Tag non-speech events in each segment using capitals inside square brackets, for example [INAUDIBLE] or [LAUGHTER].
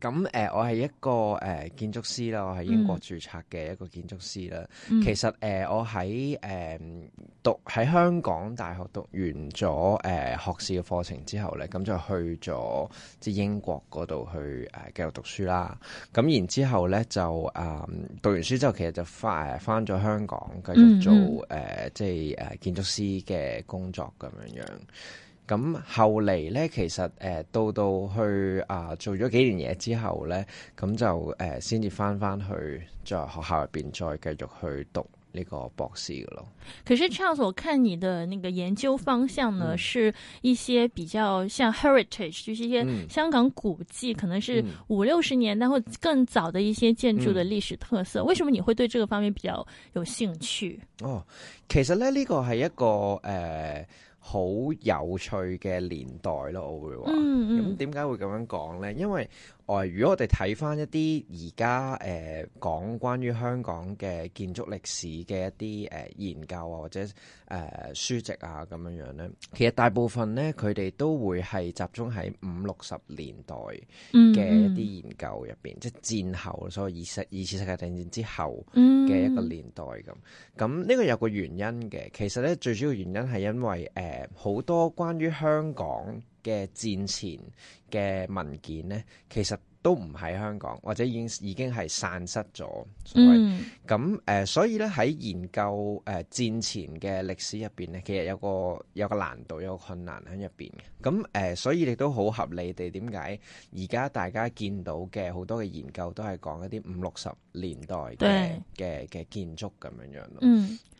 咁誒、呃，我係一個誒、呃、建築師啦，我喺英國註冊嘅一個建築師啦。嗯、其實誒、呃，我喺誒、呃、讀喺香港大學讀完咗誒、呃、學士嘅課程之後咧，咁就去咗即係英國嗰度去誒繼、呃、續讀書啦。咁然之後咧就誒、呃、讀完書之後，其實就返誒返咗香港繼續做誒、嗯嗯呃、即係誒、呃、建築師嘅工作咁樣樣。咁後嚟咧，其實誒、呃、到到去啊做咗幾年嘢之後咧，咁就誒先至翻翻去再學校入邊再繼續去讀呢個博士嘅咯。可是 Charles，我看你的那個研究方向呢，是一些比較像 heritage、嗯、就是一些香港古蹟，可能是五六十年代或、嗯、更早的一些建築嘅歷史特色。為什麼你會對這個方面比較有興趣？哦，其實咧呢、這個係一個誒。呃好有趣嘅年代咯，我會話。咁點解會咁樣講呢？因為，誒，如果我哋睇翻一啲而家誒講關於香港嘅建築歷史嘅一啲誒、呃、研究啊，或者誒、呃、書籍啊咁樣樣咧，其實大部分咧佢哋都會係集中喺五六十年代嘅一啲研究入邊，mm hmm. 即係戰後，所謂二次二次世界大戰之後嘅一個年代咁。咁呢、mm hmm. 個有個原因嘅，其實咧最主要原因係因為誒好、呃、多關於香港。嘅戰前嘅文件咧，其實都唔喺香港，或者已經已經係散失咗。嗯。咁誒，所以咧喺、嗯呃、研究誒、呃、戰前嘅歷史入邊咧，其實有個有個難度，有個困難喺入邊嘅。咁誒、呃，所以亦都好合理地，點解而家大家見到嘅好多嘅研究都係講一啲五六十年代嘅嘅嘅建築咁樣樣咯。嗯。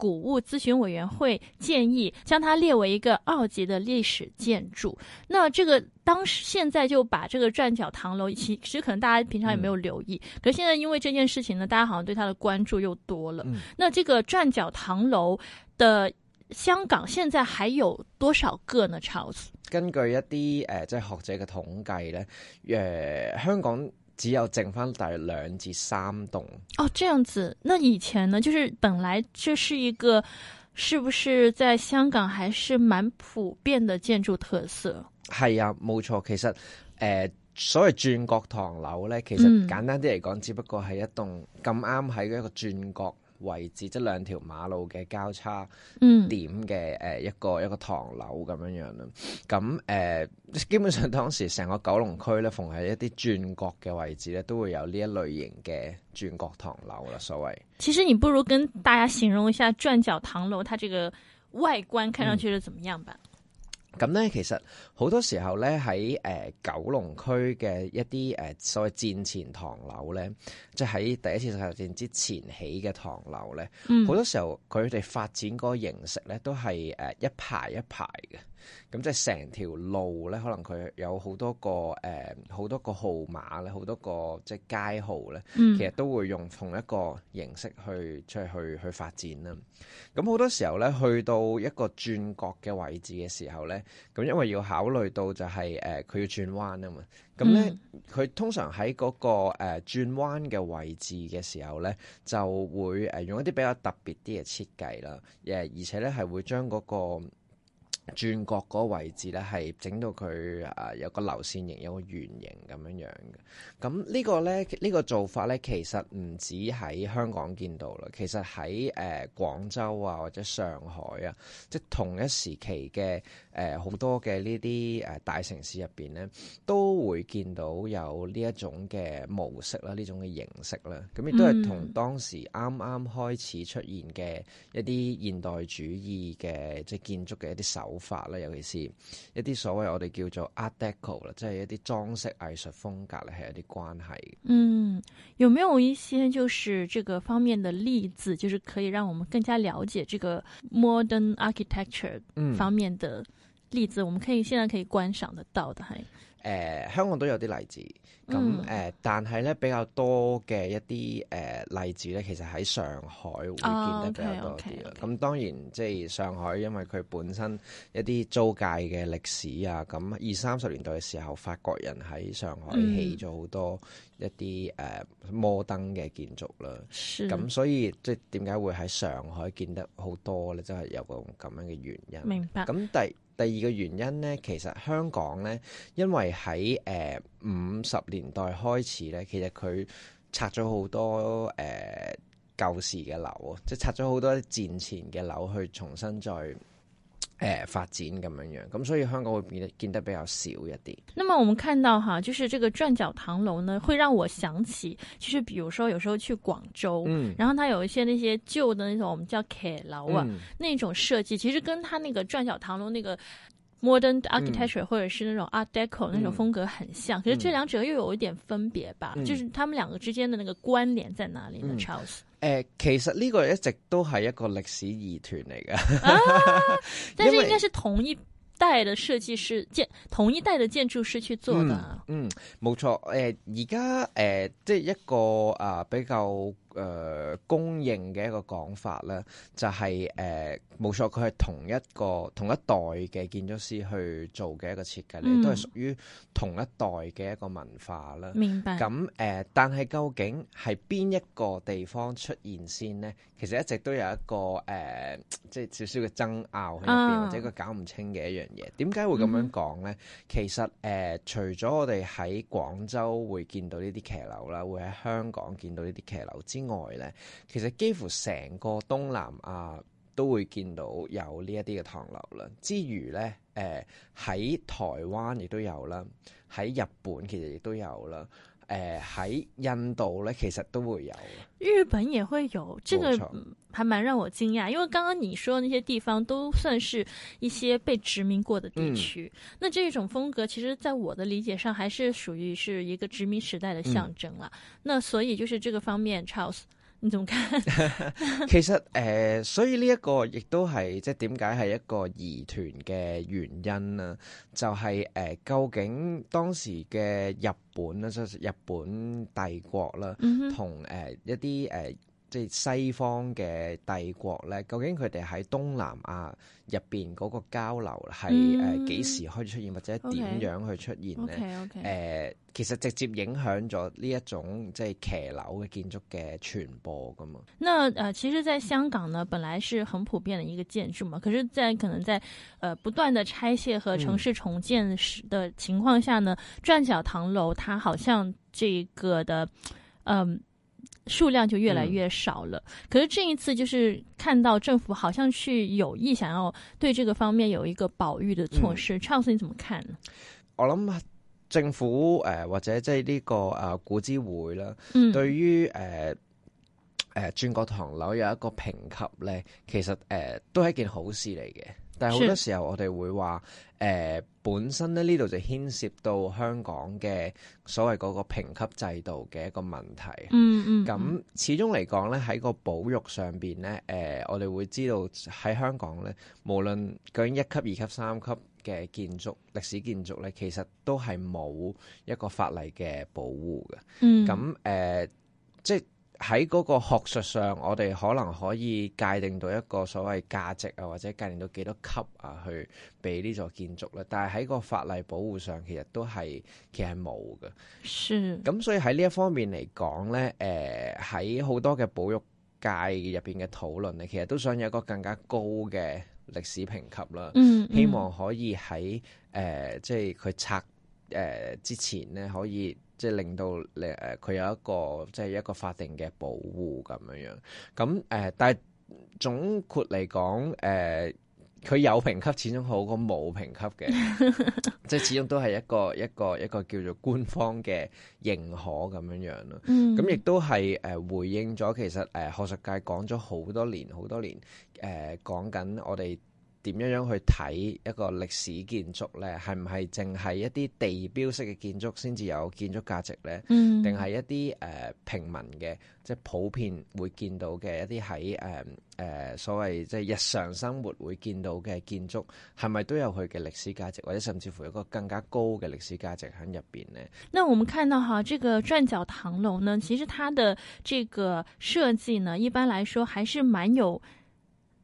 古物諮詢委員會建議將它列為一個二級的歷史建築。那這個當時現在就把這個轉角唐樓，其實可能大家平常也沒有留意，可是現在因為這件事情呢，大家好像對它的關注又多了。那這個轉角唐樓的香港現在還有多少個呢？Charles、嗯、根據一啲誒即係學者嘅統計呢，誒、呃、香港，只有剩翻大約兩至三棟。哦，這樣子。那以前呢？就是本來這是一個，是不是在香港還是蠻普遍的建築特色？係 [NOISE] 啊，冇錯。其實，誒、呃，所謂轉角唐樓呢，其實簡單啲嚟講，嗯、只不過係一棟咁啱喺一個轉角。位置即兩條馬路嘅交叉點嘅誒一個、嗯、一個唐樓咁樣樣啦，咁、呃、誒基本上當時成個九龍區咧，逢喺一啲轉角嘅位置咧，都會有呢一類型嘅轉角唐樓啦，所謂。其實你不如跟大家形容一下轉角唐樓，它這個外觀看上去是怎麼樣吧。嗯咁咧，嗯、其實好多時候咧，喺誒九龍區嘅一啲誒所謂戰前唐樓咧，即、就、喺、是、第一次世界戰之前起嘅唐樓咧，好、嗯、多時候佢哋發展嗰個形式咧，都係誒一排一排嘅。咁即係成條路咧，可能佢有好多個誒，好、呃、多個號碼咧，好多個即係、就是、街號咧，嗯、其實都會用同一個形式去出去去，去發展啦。咁好多時候咧，去到一個轉角嘅位置嘅時候咧，咁因為要考慮到就係、是、誒，佢、呃、要轉彎啊嘛。咁咧，佢、嗯、通常喺嗰、嗰個誒轉彎嘅位置嘅時候咧，就會誒用一啲比較特別啲嘅設計啦。誒，而且咧係會將嗰、嗰個。轉角嗰個位置咧，係整到佢誒有個流線型，有個圓形咁樣樣嘅。咁呢個咧，呢、呢個做法咧，其實唔止喺香港見到啦，其實喺誒、呃、廣州啊，或者上海啊，即同一時期嘅。誒好、呃、多嘅呢啲誒大城市入邊咧，都會見到有呢一種嘅模式啦，呢種嘅形式啦，咁亦都係同當時啱啱開始出現嘅一啲現代主義嘅即係建築嘅一啲手法啦，尤其是一啲所謂我哋叫做 Art Deco 啦，即係一啲裝飾藝術風格咧，係有啲關係。嗯，有冇一些就是這個方面的例子，就是可以讓我們更加了解這個 Modern Architecture 方面的、嗯？例子，我們可以現在可以觀賞得到的，係誒、呃，香港都有啲例子，咁誒、嗯呃，但係咧比較多嘅一啲誒、呃、例子咧，其實喺上海會見得比較多啲。咁、哦 okay, okay, okay. 當然即係上海，因為佢本身一啲租界嘅歷史啊，咁二三十年代嘅時候，法國人喺上海起咗好多一啲誒、嗯呃、摩登嘅建築啦。咁是所以即係點解會喺上海見得好多咧？即、就、係、是、有個咁樣嘅原因。明白，咁第。第二個原因咧，其實香港咧，因為喺誒五十年代開始咧，其實佢拆咗好多誒、呃、舊時嘅樓啊，即係拆咗好多戰前嘅樓去重新再誒、欸、發展咁樣樣，咁、嗯、所以香港會變得見得比較少一啲。那麼我們看到哈，就是這個轉角唐樓呢，會讓我想起，其實，比如說，有時候去廣州，嗯，然後它有一些那些舊的那種，我們叫騎樓啊，嗯、那種設計，其實跟它那個轉角唐樓那個 modern architecture、嗯、或者是那種 Art Deco 那種風格很像，嗯、可是這兩者又有一點分別吧？嗯、就是他們兩個之間的那個關聯在哪裡呢？Charles？、嗯誒，其實呢個一直都係一個歷史疑團嚟㗎，但係應該係同一代嘅設計師，即為同一代嘅建築師去做的、啊嗯。嗯，冇錯。誒、呃，而家誒，即係一個啊、呃，比較。誒公認嘅一個講法咧，就係誒冇錯，佢、呃、係同一個同一代嘅建築師去做嘅一個設計咧，嗯、都係屬於同一代嘅一個文化啦。明白。咁誒、呃、但係究竟係邊一個地方出現先咧？其實一直都有一個誒、呃、即係少少嘅爭拗喺入邊，哦、或者佢搞唔清嘅一樣嘢。點解會咁樣講咧？其實誒、呃、除咗我哋喺廣州會見到呢啲騎樓啦，會喺香港見到呢啲騎樓之。外咧，其實幾乎成個東南亞都會見到有呢一啲嘅唐樓啦。之餘咧，誒、呃、喺台灣亦都有啦，喺日本其實亦都有啦。誒喺，呃、印度呢，其實都會有。日本也會有，錯這個，還蠻讓我驚訝，因為剛剛你說的那些地方都算是一些被殖民過的地區，嗯、那這種風格其實在我的理解上，還是屬於是一個殖民時代的象徵啦，啊。嗯、那所以就是這個方面 Charls [LAUGHS] 其實誒、呃，所以呢一個亦都係即係點解係一個疑團嘅原因啦，就係、是、誒、呃，究竟當時嘅日本啦，即、就是、日本帝國啦，同誒、呃、一啲誒。呃即係西方嘅帝國咧，究竟佢哋喺東南亞入邊嗰個交流係誒幾時開始出現，或者點樣去出現咧？誒 Okay, okay.、呃，其實直接影響咗呢一種即係騎樓嘅建築嘅傳播㗎嘛。那誒、呃，其實在香港呢，本來是很普遍嘅一個建築嘛，可是在，在可能在誒、呃、不斷嘅拆卸和城市重建嘅情況下呢，轉角唐樓，樓它好像這個的，嗯、呃。數量就越來越少了，嗯、可是這一次就是看到政府好像去有意想要對這個方面有一個保育的措施、嗯、，Charles，你怎麼看呢？我諗政府誒、呃、或者即係呢個誒、啊、古諮會啦，嗯、對於誒誒、呃呃、轉角唐樓有一個評級咧，其實誒、呃、都係一件好事嚟嘅。但係好多時候我，我哋會話誒本身咧呢度就牽涉到香港嘅所謂嗰個評級制度嘅一個問題。嗯嗯。咁、嗯、始終嚟講咧，喺個保育上邊咧，誒、呃、我哋會知道喺香港咧，無論究竟一級、二級、三級嘅建築、歷史建築咧，其實都係冇一個法例嘅保護嘅。嗯。咁誒、呃，即係。喺嗰個學術上，我哋可能可以界定到一個所謂價值啊，或者界定到幾多級啊，去俾呢座建築咧。但係喺個法例保護上，其實都係其實係冇嘅。咁是所以喺呢一方面嚟講呢，誒喺好多嘅保育界入邊嘅討論咧，其實都想有一個更加高嘅歷史評級啦。嗯嗯，希望可以喺誒、呃、即係佢拆誒之前呢，可以。即係令到你誒佢有一個即係一個法定嘅保護咁樣樣，咁誒，但、呃、係總括嚟講，誒、呃、佢有評級，始終好過冇評級嘅， [LAUGHS] 即係始終都係一個一個一個叫做官方嘅認可咁樣、嗯、樣咯。咁亦都係誒回應咗其實誒學術界講咗好多年，好多年誒講緊我哋，點樣樣去睇一個歷史建築咧？係唔係淨係一啲地標式嘅建築先至有建築價值咧？嗯，定係一啲誒、呃、平民嘅，即係普遍會見到嘅一啲喺誒誒所謂即係日常生活會見到嘅建築，係咪都有佢嘅歷史價值，或者甚至乎有個更加高嘅歷史價值喺入邊咧？那我們看到哈，這個轉角唐樓呢，其實它的這個設計呢，一般來說還是蠻有。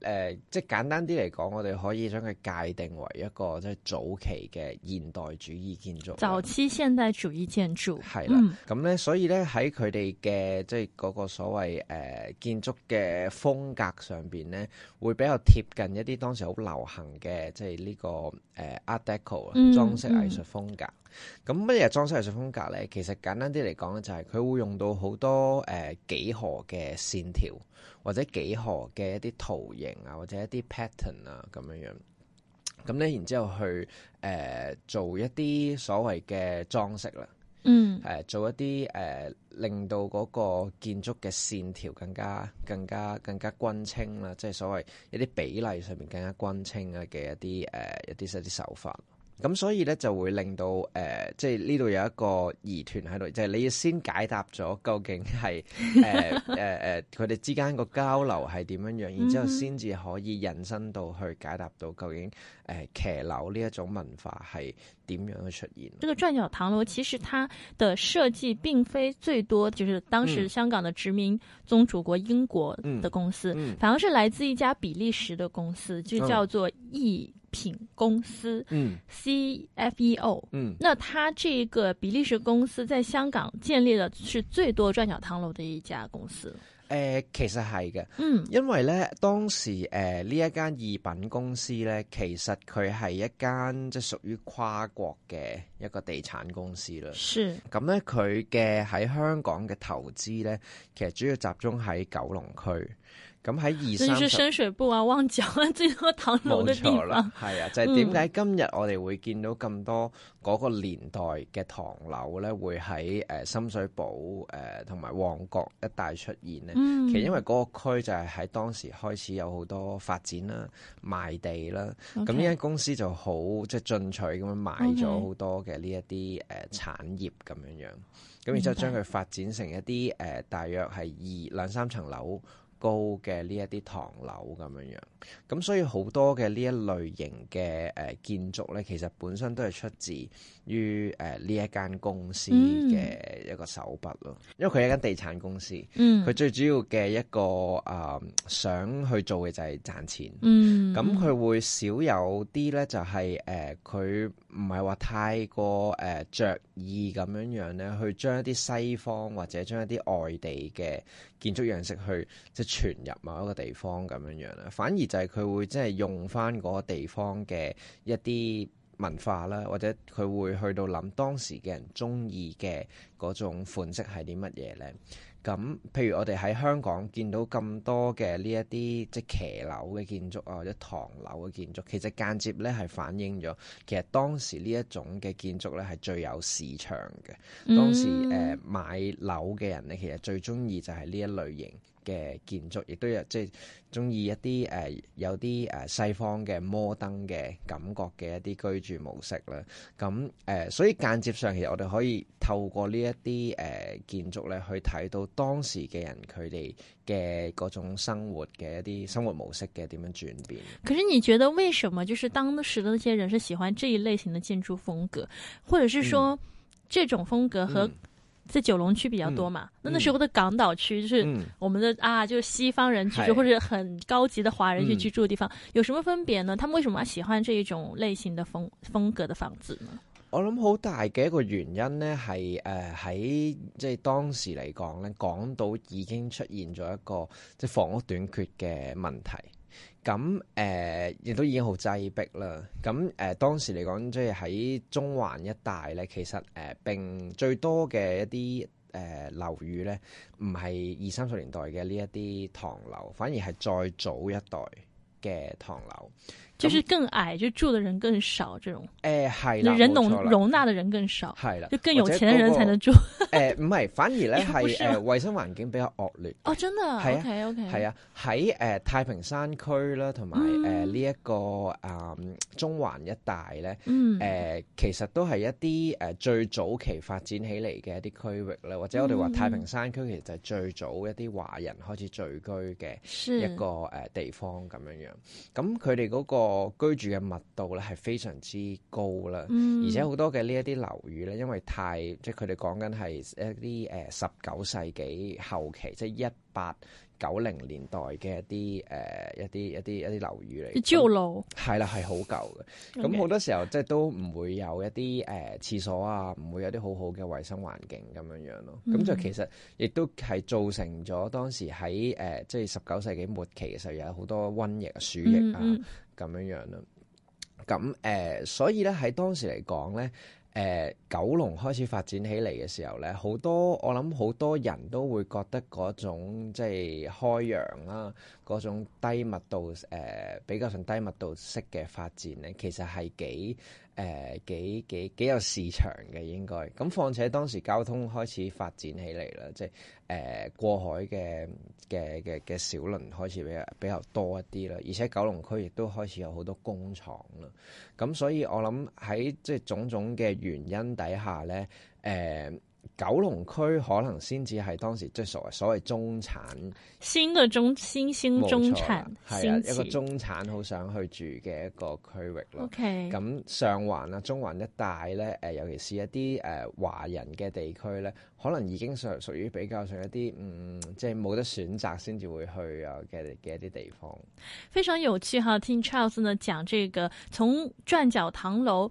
誒、呃，即係簡單啲嚟講，我哋可以將佢界定為一個即係早期嘅現代主義建築。早期現代主義建築係啦，咁咧、嗯，所以咧喺佢哋嘅即係嗰個所謂誒、呃、建築嘅風格上邊咧，會比較貼近一啲當時好流行嘅即係呢、這個誒、呃、Art Deco 裝飾藝術風格。嗯嗯咁乜嘢裝飾藝術風格咧？其實簡單啲嚟講咧，就係佢會用到好多誒、呃、幾何嘅線條或者幾何嘅一啲圖形啊，或者一啲 pattern 啊咁樣樣。咁咧，然之後去誒、呃、做一啲所謂嘅裝飾啦。嗯、呃，誒做一啲誒、呃、令到嗰個建築嘅線條更加更加更加均稱啦，即係所謂一啲比例上面更加均稱嘅一啲誒、呃、一啲一啲手法。咁所以咧就會令到誒、呃，即係呢度有一個疑團喺度，就係、是、你要先解答咗究竟係誒誒誒佢哋之間個交流係點樣樣，然之後先至可以引申到去解答到究竟誒、呃、騎樓呢一種文化係點樣去出現。呢個轉角唐樓其實它的設計並非最多，就是當時香港的殖民宗主國英國的公司，反而是來自一家比利時的公司，就叫做 E。嗯嗯嗯嗯品公司，嗯，C F E O，嗯，那他這個比利時公司在香港建立的是最多轉角唐樓的一家公司。誒、呃，其實係嘅，嗯，因為咧當時誒呢、呃、一間義品公司咧，其實佢係一間即係屬於跨國嘅。一個地產公司啦，咁咧佢嘅喺香港嘅投資呢，其實主要集中喺九龍區。咁喺二三十，就是深水埗啊、旺角啊最多唐樓嘅地方。冇錯啦，係啊，就係點解今日我哋會見到咁多嗰個年代嘅唐樓呢？會喺誒、呃、深水埗誒同埋旺角一帶出現呢。嗯、其實因為嗰個區就係喺當時開始有好多發展啦、賣地啦，咁呢間公司就好即係進取咁樣買咗好多。Okay. 嘅呢一啲誒產業咁樣樣，咁然之後將佢發展成一啲誒、呃，大約係二兩三層樓高嘅呢一啲唐樓咁樣樣，咁所以好多嘅呢一類型嘅誒、呃、建築咧，其實本身都係出自於誒呢一間公司嘅一個手筆咯。因為佢係一間地產公司，佢、嗯、最主要嘅一個誒、呃、想去做嘅就係賺錢。咁佢、嗯、會少有啲咧，就係誒佢唔係話太過誒、呃、着意咁樣樣咧，去將一啲西方或者將一啲外地嘅。建築樣式去即係傳入某一個地方咁樣樣啦，反而就係佢會即係用返嗰個地方嘅一啲文化啦，或者佢會去到諗當時嘅人鍾意嘅嗰種款式係啲乜嘢咧？咁，譬如我哋喺香港見到咁多嘅呢一啲即係騎樓嘅建築啊，或者唐樓嘅建築，其實間接咧係反映咗，其實當時呢一種嘅建築咧係最有市場嘅。當時誒、呃、買樓嘅人咧，其實最中意就係呢一類型嘅建築，亦都有即係鍾意一啲誒、呃、有啲誒西方嘅摩登嘅感覺嘅一啲居住模式啦。咁、嗯、誒、呃，所以間接上其實我哋可以透過呢一啲誒建築咧，去睇到當時嘅人佢哋嘅嗰種生活嘅一啲生活模式嘅點樣轉變。可是，你覺得為什麼就是當時的那些人是喜歡這一類型的建築風格，或者是說這種風格和、嗯、嗯在九龍區比較多嘛，那、嗯嗯、那時候的港島區就是我們的、嗯、啊，就是、西方人居住、嗯、或者很高級的華人去居住的地方，嗯、有什麼分別呢？他們為什麼要喜歡這一種類型的風風格的房子呢？我諗好大嘅一個原因呢，係誒喺，即係當時嚟講呢，港島已經出現咗一個即係房屋短缺嘅問題。咁誒、呃、亦都已經好擠迫啦。咁誒、呃、當時嚟講，即係喺中環一帶咧，其實誒、呃、並最多嘅一啲誒、呃、樓宇咧，唔係二三十年代嘅呢一啲唐樓，反而係再早一代嘅唐樓。就是更矮，就住的人更少，這種誒係啦，人容容納的人更少，係啦，就更有錢的人才能住。誒唔係，反而咧係誒衛生環境比較惡劣。哦，真係，係啊，係啊，係啊，喺誒太平山區啦，同埋誒呢一個誒中環一帶咧，誒其實都係一啲誒最早期發展起嚟嘅一啲區域啦，或者我哋話太平山區其實就係最早一啲華人開始聚居嘅一個誒地方咁樣樣。咁佢哋個。個居住嘅密度咧，係非常之高啦，嗯、而且好多嘅呢一啲樓宇咧，因為太即係佢哋講緊係一啲誒十九世紀後期，即係一八。九零年代嘅一啲誒、呃、一啲一啲一啲樓宇嚟，磚路係啦係好舊嘅，咁 [LAUGHS] 好、嗯、okay. 多時候即係都唔會有一啲誒、呃、廁所啊，唔會有啲好好嘅衞生環境咁樣樣咯，咁就其實亦都係造成咗當時喺誒即係十九世紀末期嘅時候，其實有好多瘟疫啊、鼠疫啊咁、嗯啊、樣樣咯，咁誒、呃、所以咧喺當時嚟講咧。誒、呃、九龍開始發展起嚟嘅時候咧，好多我諗好多人都會覺得嗰種即係開揚啦、啊。嗰種低密度誒、呃、比較上低密度式嘅發展咧，其實係幾誒、呃、幾幾幾有市場嘅應該。咁況且當時交通開始發展起嚟啦，即係誒、呃、過海嘅嘅嘅嘅小輪開始比較比較多一啲啦，而且九龍區亦都開始有好多工廠啦。咁所以我，我諗喺即係種種嘅原因底下咧，誒、呃。九龍區可能先至係當時即係所謂所謂中產、新的中新興中產，係、啊奇啊、一個中產好想去住嘅一個區域啦。咁 Okay. 上環啊、中環一帶咧，誒，尤其是一啲誒華人嘅地區咧，可能已經屬屬於比較上一啲嗯，即係冇得選擇先至會去啊嘅嘅一啲地方。非常有趣哈，聽 Charles 呢講這個從轉角唐樓。